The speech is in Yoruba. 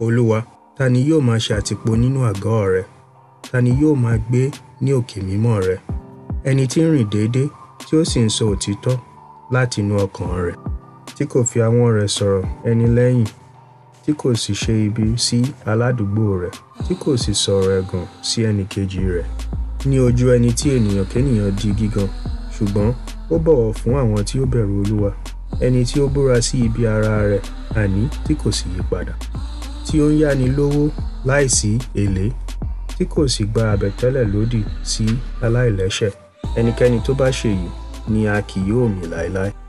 Olúwa, ta ni yóò máa ṣe àtìpó nínú àgọ́ rẹ? Ta ni yóò máa gbé ní òkè mímọ́ rẹ? Ẹni tí ń rìn déédéé tí ó sì ń sọ òtítọ́ láti inú ọkàn rẹ̀, tí kò fi ahọ́n rẹ̀ sọ̀rọ̀ ẹni lẹ́yìn, tí kò sì ṣe ibi sí aládùúgbò rẹ̀, tí kò sì sọ̀rọ̀ ẹ̀gàn sí ẹnìkejì rẹ̀. Ní ojú ẹni tí ènìyàn kéènìà di gígan, ṣùgbọ́n ó bọ̀wọ̀ fún àwọn tí ó bẹ̀rù Olúwa, ẹni tí ó búra sí ibi ara rẹ̀, àní tí kò sì yípadà tí ó ń yáni lówó láìsí èlé tí kò sì gba àbẹ̀tẹ́lẹ̀ lòdì sí aláìlẹ́ṣẹ̀. ẹnikẹ́ni tó bá ṣèyí ni a kì yóò mì láéláé.